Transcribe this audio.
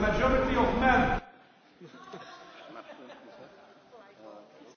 majority of men